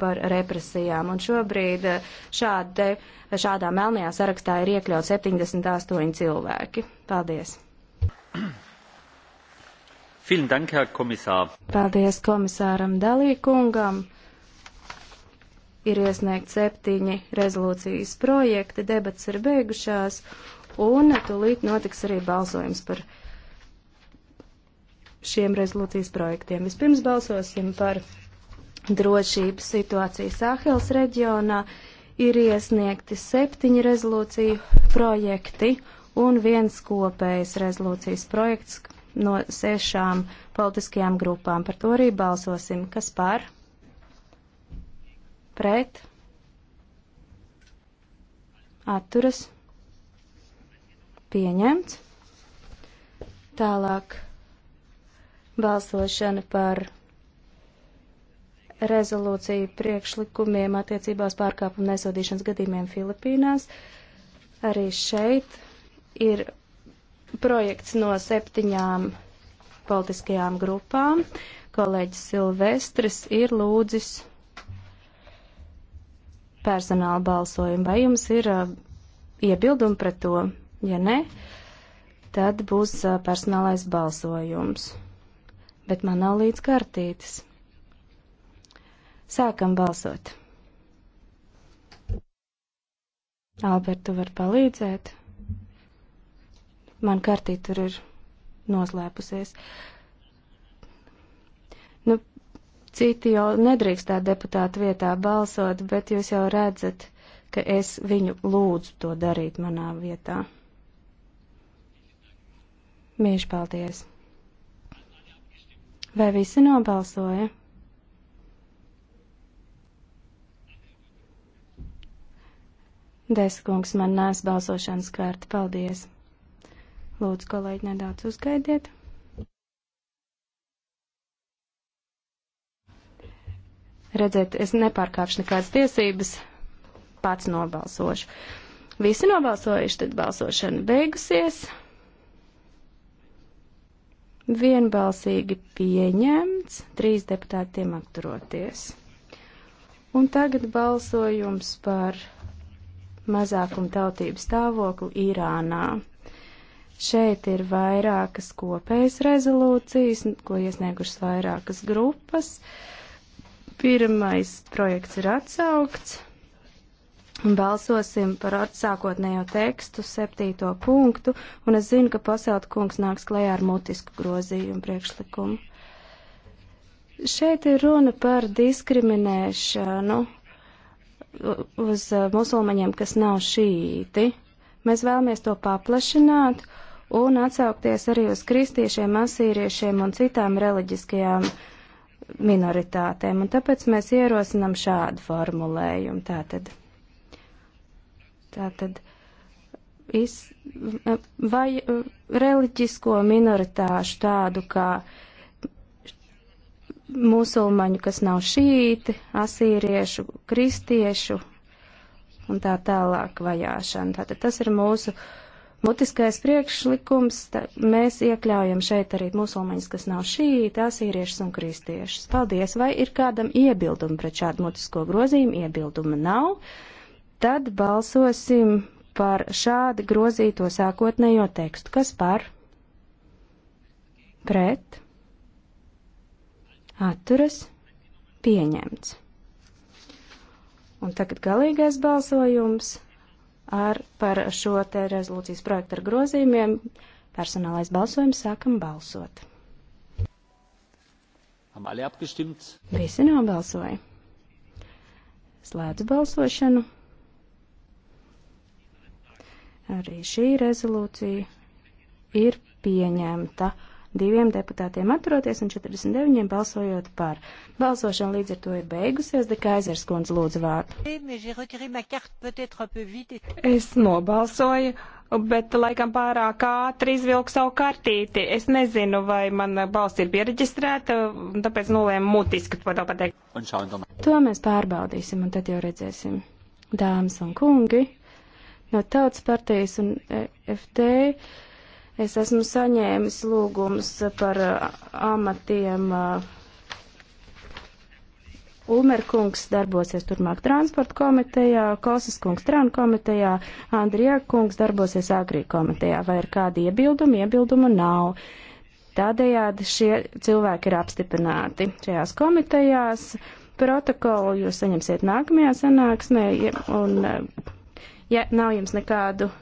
par represijām. Un šobrīd eh, šāde, šādā melnajā sarakstā ir iekļaut 78 cilvēki. Paldies! Dank, komisār. Paldies komisāram Dalīkungam. Ir iesniegt septiņi rezolūcijas projekti, debats ir beigušās, un tūlīt notiks arī balsojums par šiem rezolūcijas projektiem. Vispirms balsosim par drošības situāciju Sāhels reģionā ir iesniegti septiņi rezolūciju projekti un viens kopējas rezolūcijas projekts no sešām politiskajām grupām. Par to arī balsosim. Kas par? Pret? Atturas? Pieņemts. Tālāk balsošana par rezolūciju priekšlikumiem attiecībās pārkāpumu nesodīšanas gadījumiem Filipīnās. Arī šeit ir projekts no septiņām politiskajām grupām. Kolēģis Silvestris ir lūdzis personāla balsojumu. Vai jums ir uh, iebildumi pret to? Ja nē, tad būs uh, personālais balsojums. Bet man nav līdz kartītes. Sākam balsot. Albert, tu vari palīdzēt. Man kartī tur ir noslēpusies. Nu, citi jau nedrīkst tā deputāta vietā balsot, bet jūs jau redzat, ka es viņu lūdzu to darīt manā vietā. Mīļš, paldies! Vai visi nobalsoja? Deskungs, man nāc balsošanas kārta. Paldies! Lūdzu, kolēģi, nedaudz uzgaidiet. Redzēt, es nepārkāpšu nekādas tiesības, pats nobalsošu. Visi nobalsojuši, tad balsošana beigusies. Vienbalsīgi pieņemts, trīs deputātiem atturoties. Un tagad balsojums par mazākuma tautību stāvokli Irānā. Šeit ir vairākas kopējas rezolūcijas, ko iesniegušas vairākas grupas. Pirmais projekts ir atsaukts. Balsosim par sākotnējo tekstu, septīto punktu, un es zinu, ka pasaut kungs nāks klajā ar mutisku grozījumu priekšlikumu. Šeit ir runa par diskriminēšanu uz eh, musulmaņiem, kas nav šīti. Mēs vēlamies to paplašināt un atsaukties arī uz kristiešiem, asīriešiem un citām reliģiskajām minoritātēm. Un tāpēc mēs ierosinam šādu formulējumu. Tātad, tātad iz, vai reliģisko minoritāšu tādu kā uh, musulmaņu, kas nav šīti, asīriešu, kristiešu un tā tālāk vajāšana. Tātad tas ir mūsu mutiskais priekšlikums. Tā, mēs iekļaujam šeit arī musulmaņus, kas nav šīti, asīriešus un kristiešus. Paldies! Vai ir kādam iebildumi pret šādu mutisko grozījumu? Iebilduma nav. Tad balsosim par šādi grozīto sākotnējo tekstu. Kas par? Pret? atturas pieņemts. Un tagad galīgais balsojums ar, par šo te rezolūcijas projektu ar grozījumiem. Personālais balsojums sākam balsot. Visi nobalsoja. Slēdzu balsošanu. Arī šī rezolūcija ir pieņemta. Diviem deputātiem atturoties un 49 balsojot par. Balsošana līdz ar to ir beigusies. Dekaizers kundze lūdzu vārdu. Es nobalsoju. Bet laikam pārāk ātri izvilku savu kartīti. Es nezinu, vai man balss ir pieregistrēta, tāpēc nolēmu mutiski par to pateikt. To mēs pārbaudīsim un tad jau redzēsim. Dāmas un kungi, no Tautas partijas un eh, FD Es esmu saņēmis lūgumus par uh, amatiem. Uh, Ulmerkungs darbosies turmāk transporta komitejā, Kosas kungs trānu komitejā, Andrija kungs darbosies agrī komitejā. Vai ir kādi iebildumi? Iebildumu nav. Tādējādi šie cilvēki ir apstiprināti šajās komitejās. Protokolu jūs saņemsiet nākamajā sanāksmē, un uh, ja nav jums nekādu